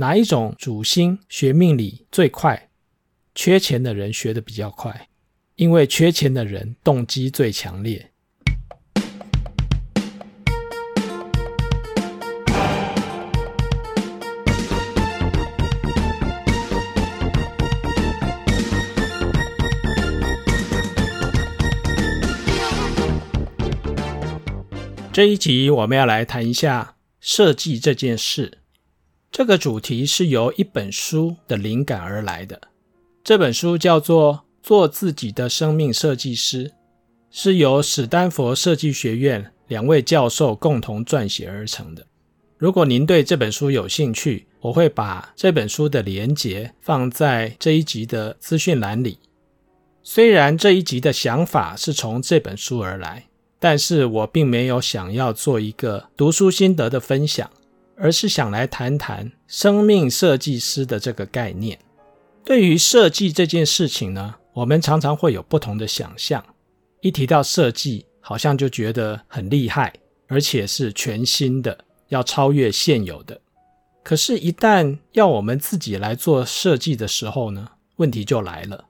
哪一種主星學命理最快？缺錢的人學得比較快，因為缺錢的人動機最強烈。這一集我們要來談一下設計這件事。這個主題是由一本書的靈感而來的，這本書叫做《做自己的生命設計師》，是由史丹佛設計學院兩位教授共同撰寫而成的。如果您對這本書有興趣，我會把這本書的連結放在這一集的資訊欄裡。雖然這一集的想法是從這本書而來，但是我並沒有想要做一個讀書心得的分享。而是想來談談“生命設計師”的這個概念。對於設計這件事情呢，我們常常會有不同的想象。一提到設計，好像就覺得很厲害，而且是全新的，要超越現有的。可是，一旦要我們自己來做設計的時候呢，問題就來了：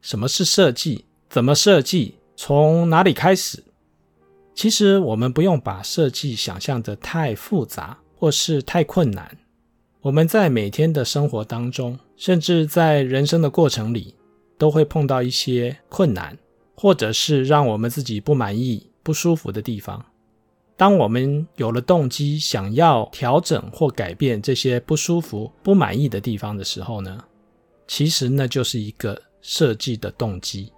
什麼是設計？怎麼設計？從哪裡開始？其實，我們不用把設計想象得太複雜。或是太困難，我們在每天的生活當中，甚至在人生的過程裡，都會碰到一些困難，或者是讓我們自己不滿意、不舒服的地方。當我們有了動機，想要調整或改變這些不舒服、不滿意的地方的時候呢，其實那就是一個設計的動機。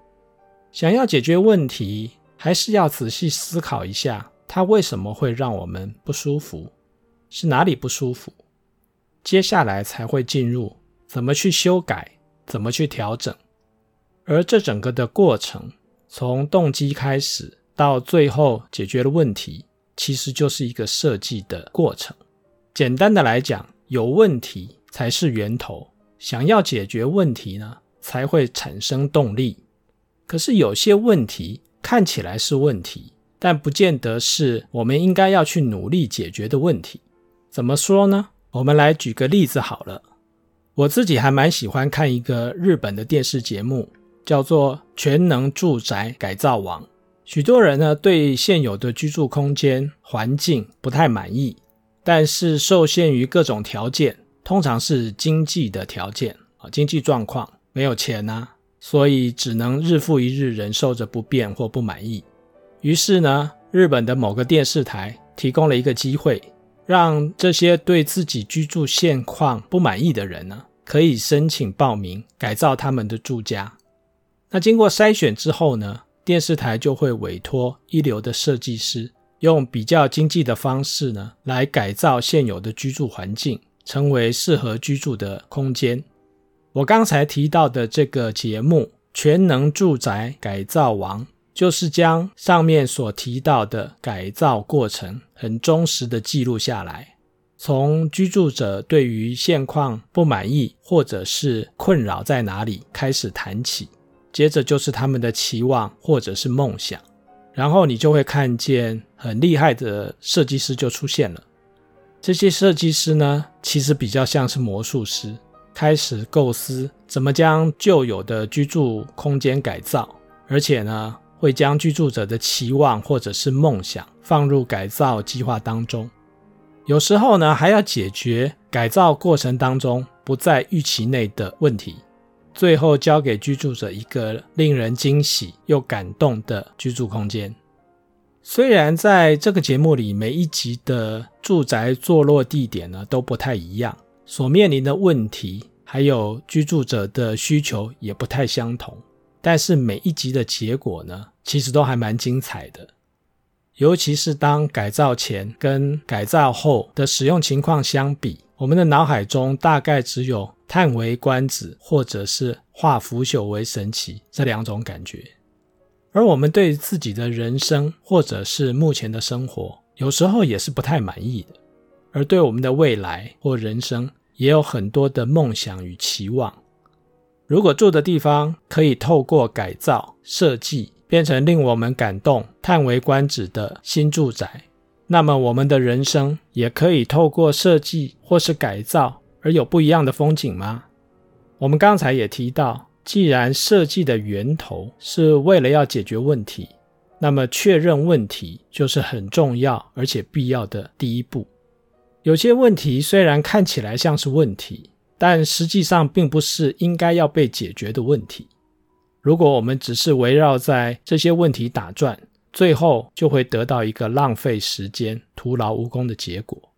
想要解決問題，還是要仔細思考一下，它為什麼會讓我們不舒服。是哪裡不舒服，接下來才會進入怎麼去修改，怎麼去調整。而這整個的過程，從動機開始到最後解決了問題，其實就是一個設計的過程。簡單的來講，有問題才是源頭，想要解決問題呢，才會產生動力。可是有些問題看起來是問題，但不見得是我們應該要去努力解決的問題。怎麼說呢？我們來舉個例子好了。我自己還蠻喜歡看一個日本的電視節目，叫做《全能住宅改造王》。許多人呢，對現有的居住空間環境不太滿意，但是受限於各種條件，通常是經濟的條件啊，經濟狀況沒有錢吶、啊，所以只能日復一日忍受着不便或不滿意。於是呢，日本的某個電視台提供了一個機會。讓這些對自己居住現況不滿意的人呢，可以申請報名改造他們的住家。那經過篩選之後呢，電視台就會委托一流的設計師，用比較經濟的方式呢，來改造現有的居住環境，成為適合居住的空間。我剛才提到的這個節目《全能住宅改造王》。就是將上面所提到的改造過程很忠實的記錄下來，從居住者對於現況不滿意或者是困擾在哪裡開始談起，接着就是他們的期望或者是夢想，然後你就會看見很厲害的設計師就出現了。這些設計師呢，其實比較像是魔術師，開始構思怎麼將舊有的居住空間改造，而且呢。會將居住者的期望或者是夢想放入改造計劃當中，有時候呢，還要解決改造過程當中不在預期內的問題，最後交給居住者一個令人驚喜又感動的居住空間。雖然在這個節目裡，每一集的住宅坐落地點呢都不太一樣，所面臨的問題還有居住者的需求也不太相同。但是每一集的結果呢，其實都還蠻精彩的。尤其是當改造前跟改造後的使用情況相比，我們的腦海中大概只有嘆為觀止，或者是化腐朽為神奇這兩種感覺。而我們對自己的人生，或者是目前的生活，有時候也是不太滿意的，而對我們的未來或人生，也有很多的夢想與期望。如果住的地方可以透過改造設計變成令我們感動、嘆為觀止的新住宅，那麼我們的人生也可以透過設計或是改造而有不一樣的風景嗎？我們剛才也提到，既然設計的源頭是為了要解決問題，那麼確認問題就是很重要而且必要的第一步。有些問題雖然看起來像是問題，但實際上，並不是應該要被解決的問題。如果我們只是圍繞在這些問題打轉，最後就會得到一個浪費時間、徒勞無功的結果。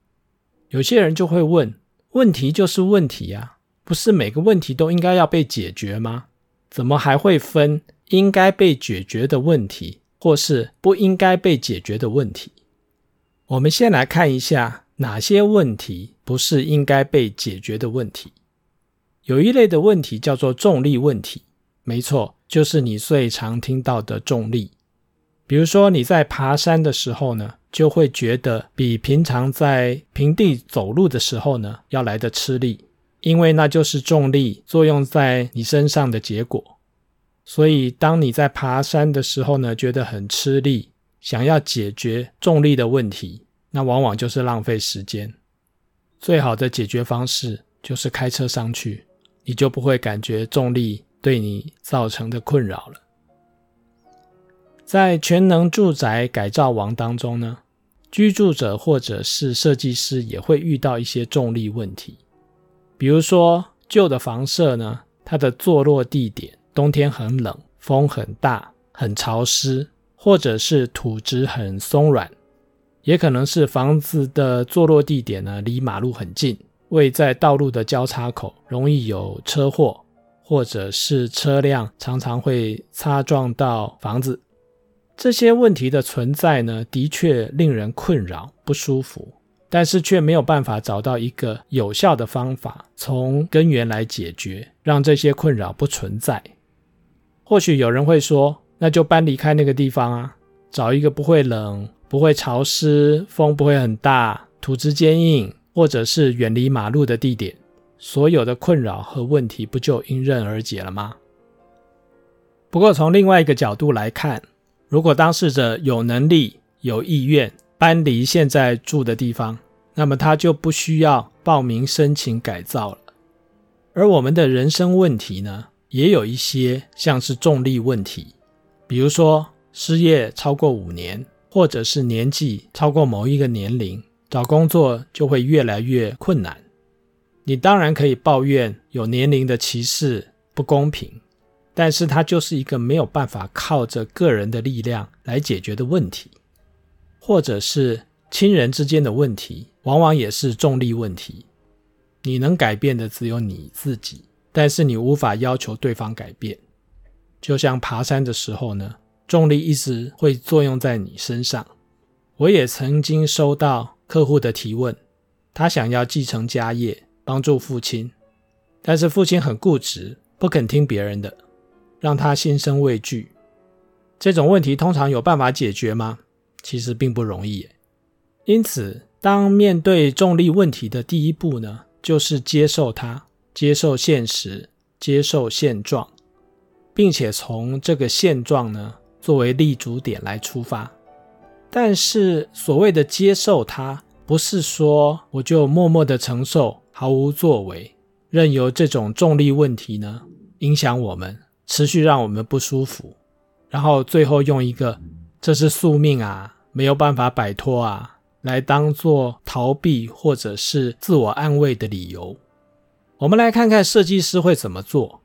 有些人就會問：問題就是問題呀，不是每個問題都應該要被解決嗎？怎麼還會分應該被解決的問題，或是不應該被解決的問題？我們先來看一下哪些問題，不是應該被解決的問題。有一類的問題叫做重力問題，沒錯，就是你最常聽到的重力。比如說你在爬山的時候呢，就會覺得比平常在平地走路的時候呢要來得吃力，因為那就是重力作用在你身上的結果。所以，當你在爬山的時候呢，覺得很吃力，想要解決重力的問題，那往往就是浪費時間。最好的解決方式就是開車上去，你就不會感覺重力對你造成的困擾了。在全能住宅改造王當中呢，居住者或者是設計師也會遇到一些重力問題。比如說舊的房舍呢，它的坐落地點冬天很冷，風很大，很潮濕，或者是土質很鬆軟。也可能是房子的坐落地點呢，離馬路很近，位在道路的交叉口，容易有車禍，或者是車輛常常會擦撞到房子。這些問題的存在呢，的確令人困擾、不舒服，但是卻沒有辦法找到一個有效的方法，從根源來解決，讓這些困擾不存在。或許有人會說，那就搬離開那個地方啊，找一個不會冷，不會潮濕，風不會很大，土質堅硬，或者是遠離馬路的地點，所有的困擾和問題不就迎刃而解了嗎？不過，從另外一個角度來看，如果當事者有能力、有意願搬離現在住的地方，那麼他就不需要報名申請改造了。而我們的人生問題呢，也有一些像是重力問題，比如說失業超過五年。或者是年紀超過某一個年齡，找工作就會越來越困難。你當然可以抱怨有年齡的歧視不公平，但是它就是一個沒有辦法靠着個人的力量來解決的問題。或者是親人之間的問題，往往也是重力問題。你能改變的只有你自己，但是你無法要求對方改變。就像爬山的時候呢，重力一直會作用在你身上。我也曾經收到客戶的提問，他想要繼承家業，幫助父親，但是父親很固執，不肯聽別人的，讓他心生畏懼。這種問題通常有辦法解決嗎？其實並不容易耶。因此，當面對重力問題的第一步呢，就是接受它，接受現實，接受現狀，並且從這個現狀呢，作為立足點來出發，但是所謂的接受它，不是說我就默默的承受，毫無作為，任由這種重力問題呢影響我們，持續讓我們不舒服，然後最後用一個這是宿命啊，沒有辦法擺脫啊，來當做逃避或者是自我安慰的理由。我們來看看設計師會怎麼做。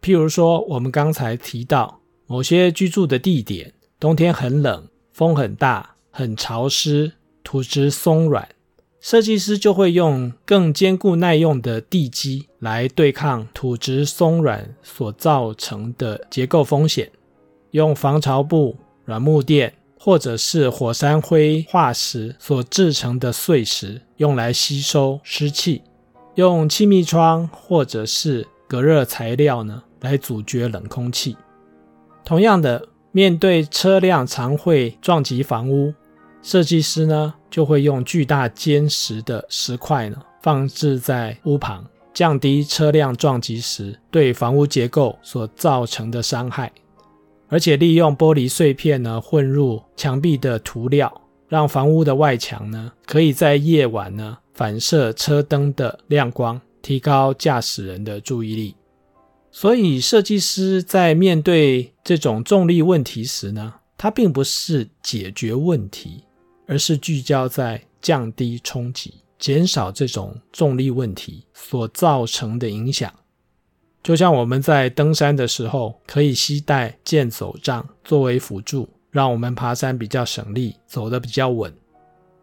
譬如說，我們剛才提到。某些居住的地點，冬天很冷，風很大，很潮濕，土質鬆軟。設計師就會用更堅固耐用的地基來對抗土質鬆軟所造成的結構風險，用防潮布、軟木墊，或者是火山灰化石所制成的碎石，用來吸收濕氣。用氣密窗或者是隔熱材料呢，來阻絕冷空氣。同樣的，面對車輛常會撞擊房屋，設計師呢就會用巨大堅實的石塊呢放置在屋旁，降低車輛撞擊時對房屋結構所造成的傷害。而且利用玻璃碎片呢混入牆壁的塗料，讓房屋的外牆呢可以在夜晚呢反射車燈的亮光，提高駕駛人的注意力。所以，設計師在面對這種重力問題時呢，他並不是解決問題，而是聚焦在降低衝擊、減少這種重力問題所造成的影響。就像我們在登山的時候，可以攜帶健走杖作為輔助，讓我們爬山比較省力、走得比較穩。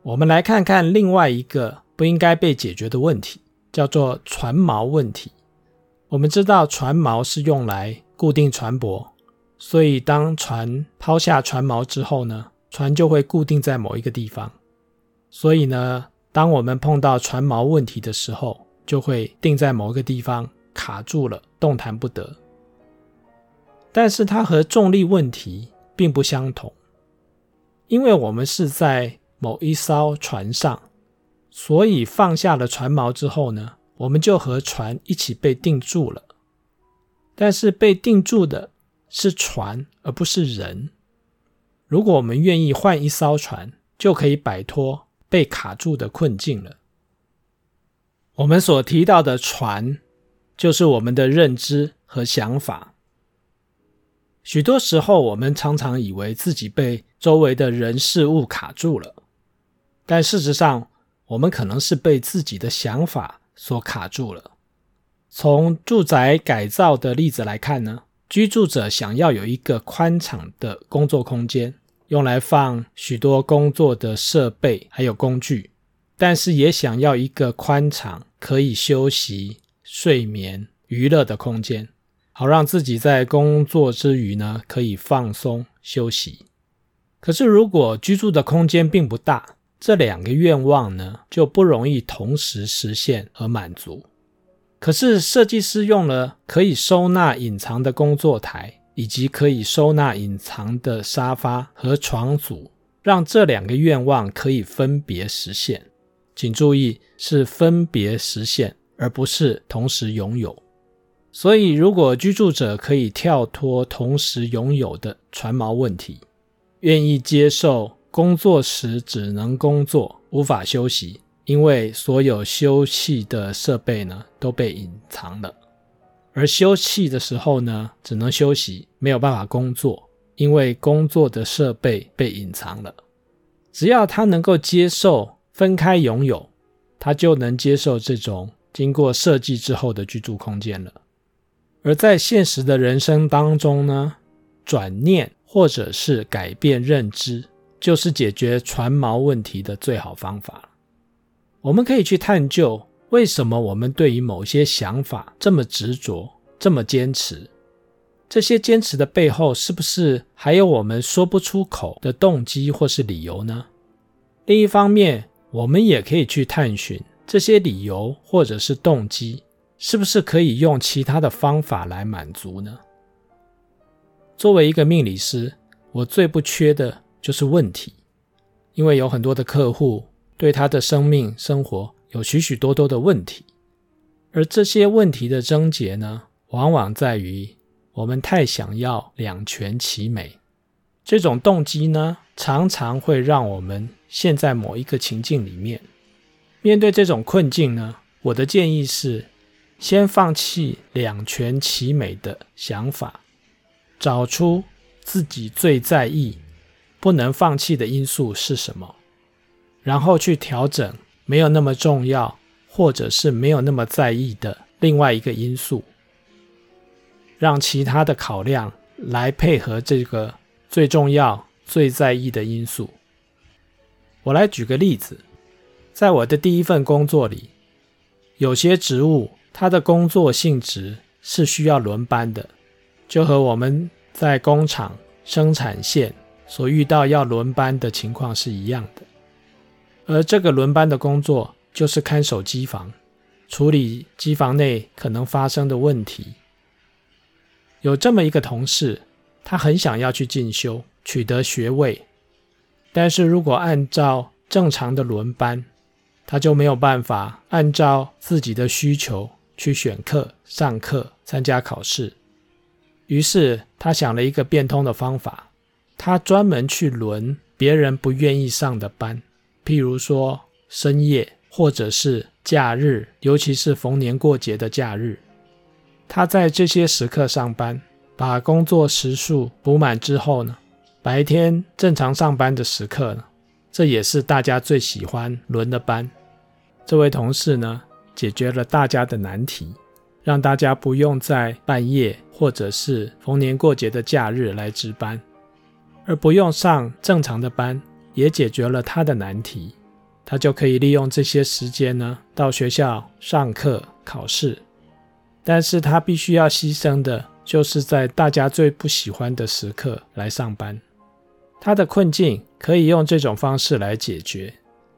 我們來看看另外一個不應該被解決的問題，叫做船錨問題。我們知道船錨是用來固定船舶，所以當船拋下船錨之後呢，船就會固定在某一個地方。所以呢，當我們碰到船錨問題的時候，就會定在某一個地方卡住了，動彈不得。但是它和重力問題並不相同，因為我們是在某一艘船上，所以放下了船錨之後呢。我們就和船一起被定住了，但是被定住的是船，而不是人。如果我們願意換一艘船，就可以擺脫被卡住的困境了。我們所提到的船，就是我們的認知和想法。許多時候，我們常常以為自己被周圍的人事物卡住了，但事實上，我們可能是被自己的想法。所卡住了。從住宅改造的例子來看呢，居住者想要有一個寬敞的工作空間，用來放許多工作的設備還有工具，但是也想要一個寬敞，可以休息、睡眠、娛樂的空間，好讓自己在工作之餘呢可以放鬆休息。可是如果居住的空間並不大。這兩個願望呢，就不容易同時實現和滿足。可是設計師用了可以收納隱藏的工作台，以及可以收納隱藏的沙發和床組，讓這兩個願望可以分別實現。請注意，是分別實現，而不是同時擁有。所以，如果居住者可以跳脫同時擁有的船錨問題，願意接受。工作時只能工作，無法休息，因為所有休憩的設備呢都被隱藏了；而休憩的時候呢，只能休息，沒有辦法工作，因為工作的設備被隱藏了。只要他能夠接受分開擁有，他就能接受這種經過設計之後的居住空間了。而在現實的人生當中呢，轉念或者是改變認知。就是解決船錨問題的最好方法。我們可以去探究，為什麼我們對於某些想法這麼執着、這麼堅持？這些堅持的背後，是不是還有我們說不出口的動機或是理由呢？另一方面，我們也可以去探尋這些理由或者是動機，是不是可以用其他的方法來滿足呢？作為一個命理師，我最不缺的，就是問題，因為有很多的客戶對他的生命、生活有許許多多的問題，而這些問題的症結呢，往往在於我們太想要兩全其美。這種動機呢，常常會讓我們陷在某一個情境裡面。面對這種困境呢，我的建議是，先放棄兩全其美的想法，找出自己最在意，不能放棄的因素是什麼？然後去調整沒有那麼重要，或者是沒有那麼在意的另外一個因素，讓其他的考量來配合這個最重要、最在意的因素。我來舉個例子，在我的第一份工作裡，有些職務它的工作性質是需要輪班的，就和我們在工廠生產線。所遇到要輪班的情況是一樣的，而這個輪班的工作就是看守機房，處理機房內可能發生的問題。有這麼一個同事，他很想要去進修，取得學位，但是如果按照正常的輪班，他就沒有辦法按照自己的需求去選課、上課、參加考試。於是他想了一個變通的方法。他專門去輪別人不願意上的班，譬如說深夜或者是假日，尤其是逢年過節的假日。他在這些時刻上班，把工作時數補滿之後呢，白天正常上班的時刻呢，這也是大家最喜歡輪的班。這位同事呢，解決了大家的難題，讓大家不用在半夜或者是逢年過節的假日來值班。而不用上正常的班，也解決了他的難題。他就可以利用這些時間呢，到學校上課、考試。但是他必須要犧牲的，就是在大家最不喜歡的時刻來上班。他的困境可以用這種方式來解決。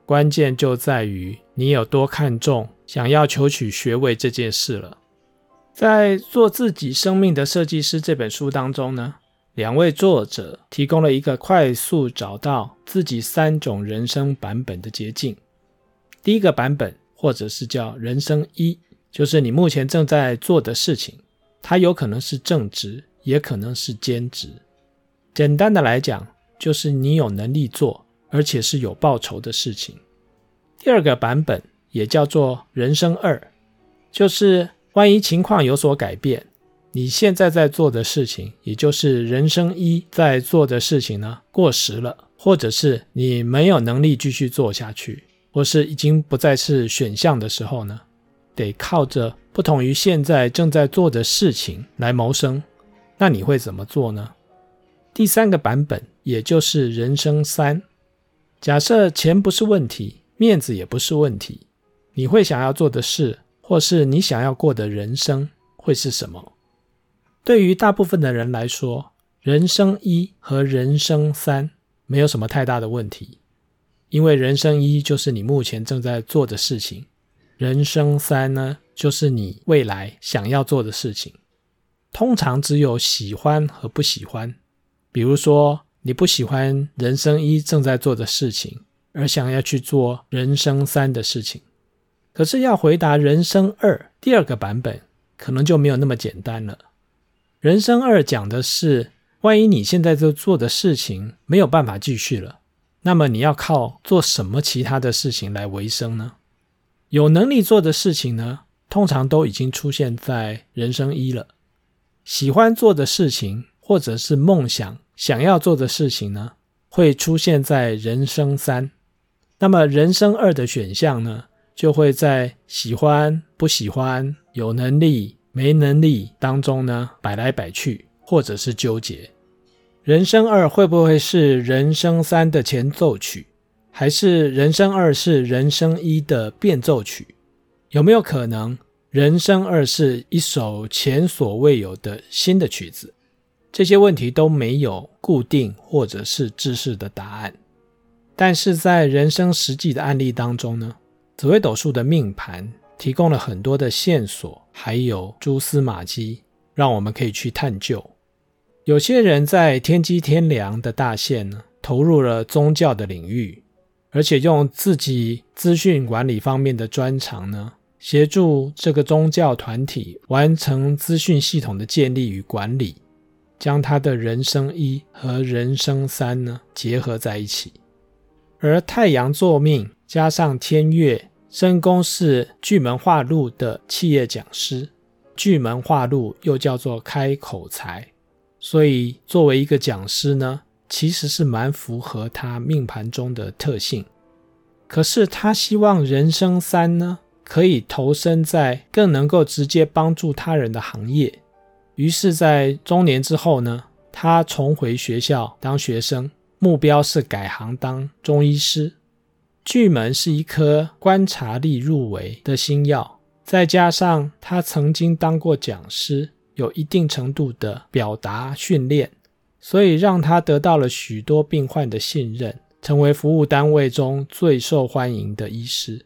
關鍵就在於你有多看重，想要求取學位這件事了。在《做自己生命的設計師》這本書當中呢。兩位作者提供了一個快速找到自己三種人生版本的捷徑。第一個版本，或者是叫人生一，就是你目前正在做的事情，它有可能是正職，也可能是兼職。簡單的來講，就是你有能力做，而且是有報酬的事情。第二個版本，也叫做人生二，就是萬一情況有所改變。你現在在做的事情，也就是人生一在做的事情呢，過時了，或者是你沒有能力繼續做下去，或是已經不再是選項的時候呢，得靠着不同於現在正在做的事情來謀生，那你會怎麼做呢？第三個版本，也就是人生三。假設錢不是問題，面子也不是問題，你會想要做的事，或是你想要過的人生會是什麼？對於大部分的人來說，人生一和人生三沒有什麼太大的問題，因為人生一就是你目前正在做的事情，人生三呢就是你未來想要做的事情。通常只有喜歡和不喜歡，比如說你不喜歡人生一正在做的事情，而想要去做人生三的事情，可是要回答人生二，第二個版本，可能就沒有那麼簡單了。人生二講的是，萬一你現在在做的事情沒有辦法繼續了，那麼你要靠做什麼其他的事情來維生呢？有能力做的事情呢，通常都已經出現在人生一了。喜歡做的事情或者是夢想想要做的事情呢，會出現在人生三。那麼人生二的選項呢，就會在喜歡、不喜歡、有能力，沒能力當中呢，擺來擺去，或者是糾結。人生二會不會是人生三的前奏曲，還是人生二是人生一的變奏曲？有沒有可能人生二是一首前所未有的新的曲子？這些問題都沒有固定或者是知識的答案。但是在人生實際的案例當中呢，紫微斗數的命盤。提供了很多的線索，還有蛛絲馬跡，讓我們可以去探究。有些人在天機天梁的大限呢，投入了宗教的領域，而且用自己資訊管理方面的專長呢，協助這個宗教團體完成資訊系統的建立與管理，將他的人生一和人生三呢結合在一起。而太陽坐命加上天月，申公是巨門化祿的企業講師，巨門化祿又叫做開口才，所以作為一個講師呢，其實是蠻符合他命盤中的特性。可是他希望人生三呢，可以投身在更能夠直接幫助他人的行業，於是，在中年之後呢，他重回學校當學生，目標是改行當中醫師。巨門是一顆觀察力入微的星曜，再加上他曾經當過講師，有一定程度的表達訓練，所以讓他得到了許多病患的信任，成為服務單位中最受歡迎的醫師。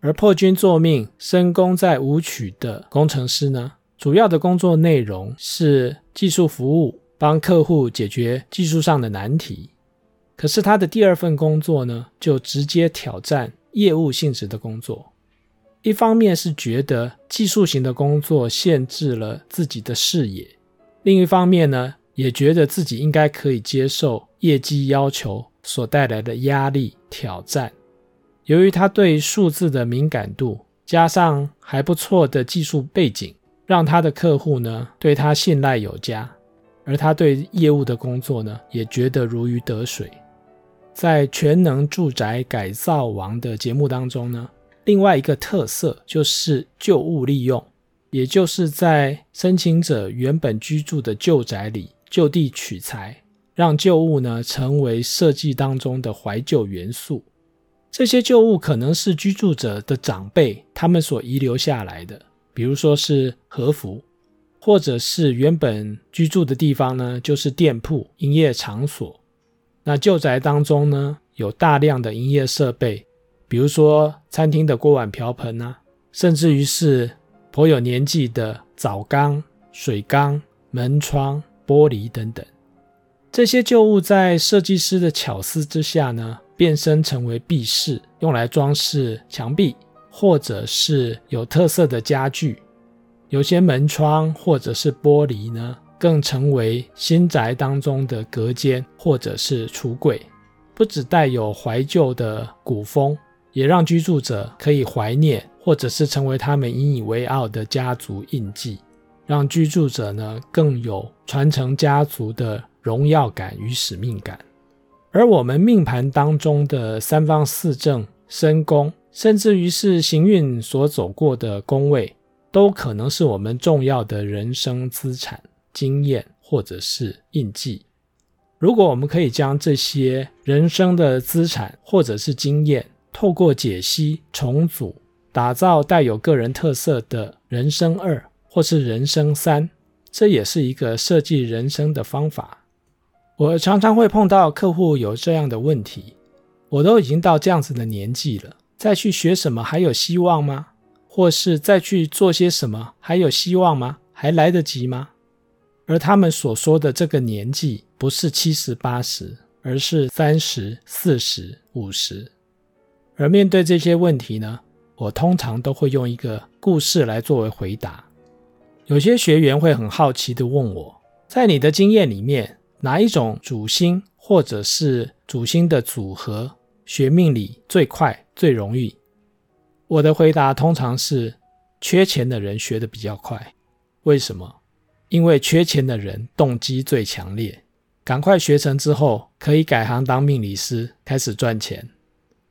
而破軍坐命身宮在武曲的工程師呢，主要的工作內容是技術服務，幫客戶解決技術上的難題。可是他的第二份工作呢，就直接挑戰業務性質的工作。一方面是覺得技術型的工作限制了自己的視野，另一方面呢，也覺得自己應該可以接受業績要求所帶來的壓力挑戰。由於他對數字的敏感度，加上還不錯的技術背景，讓他的客戶呢對他信賴有加，而他對業務的工作呢，也覺得如魚得水。在《全能住宅改造王》的節目當中呢，另外一個特色就是舊物利用，也就是在申請者原本居住的舊宅裡就地取材，讓舊物呢成為設計當中的懷舊元素。這些舊物可能是居住者的長輩，他們所遺留下來的，比如說是和服，或者是原本居住的地方呢，就是店鋪、營業場所。那舊宅當中呢，有大量的營業設備，比如說餐廳的鍋碗瓢盆啊，甚至於是頗有年紀的澡缸、水缸、門窗、玻璃等等。這些舊物在設計師的巧思之下呢，變身成為壁飾，用來裝飾牆壁，或者是有特色的家具。有些門窗或者是玻璃呢，更成為新宅當中的隔間或者是櫥櫃，不只帶有懷舊的古風，也讓居住者可以懷念，或者是成為他們引以為傲的家族印記，讓居住者呢更有傳承家族的榮耀感與使命感。而我們命盤當中的三方四正、身宮，甚至於是行運所走過的宮位，都可能是我們重要的人生資產，經驗或者是印記。如果我們可以將這些人生的資產或者是經驗，透過解析、重組，打造帶有個人特色的人生二或是人生三，這也是一個設計人生的方法。我常常會碰到客戶有這樣的問題：我都已經到這樣子的年紀了，再去學什麼還有希望嗎？或是再去做些什麼還有希望嗎？還來得及嗎？而他們所說的這個年紀不是七十、八十，而是三十、四十、五十。而面對這些問題呢，我通常都會用一個故事來作為回答。有些學員會很好奇地問我，在你的經驗裡面，哪一種主星或者是主星的組合學命理最快最容易？我的回答通常是：缺錢的人學得比較快。為什麼？因為缺錢的人動機最強烈，趕快學成之後可以改行當命理師，開始賺錢。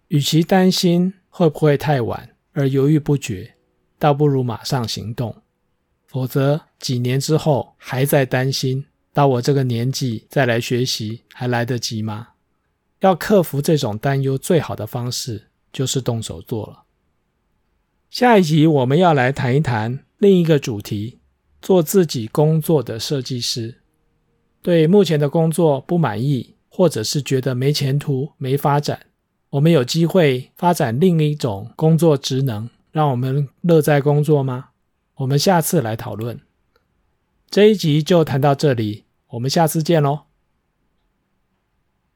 與其擔心會不會太晚而猶豫不決，倒不如馬上行動。否則幾年之後還在擔心，到我這個年紀再來學習還來得及嗎？要克服這種擔憂，最好的方式就是動手做了。下一集我們要來談一談另一個主題。做自己工作的設計師，對目前的工作不滿意，或者是覺得沒前途、沒發展，我們有機會發展另一種工作職能，讓我們樂在工作嗎？我們下次來討論。這一集就談到這裡，我們下次見嘍。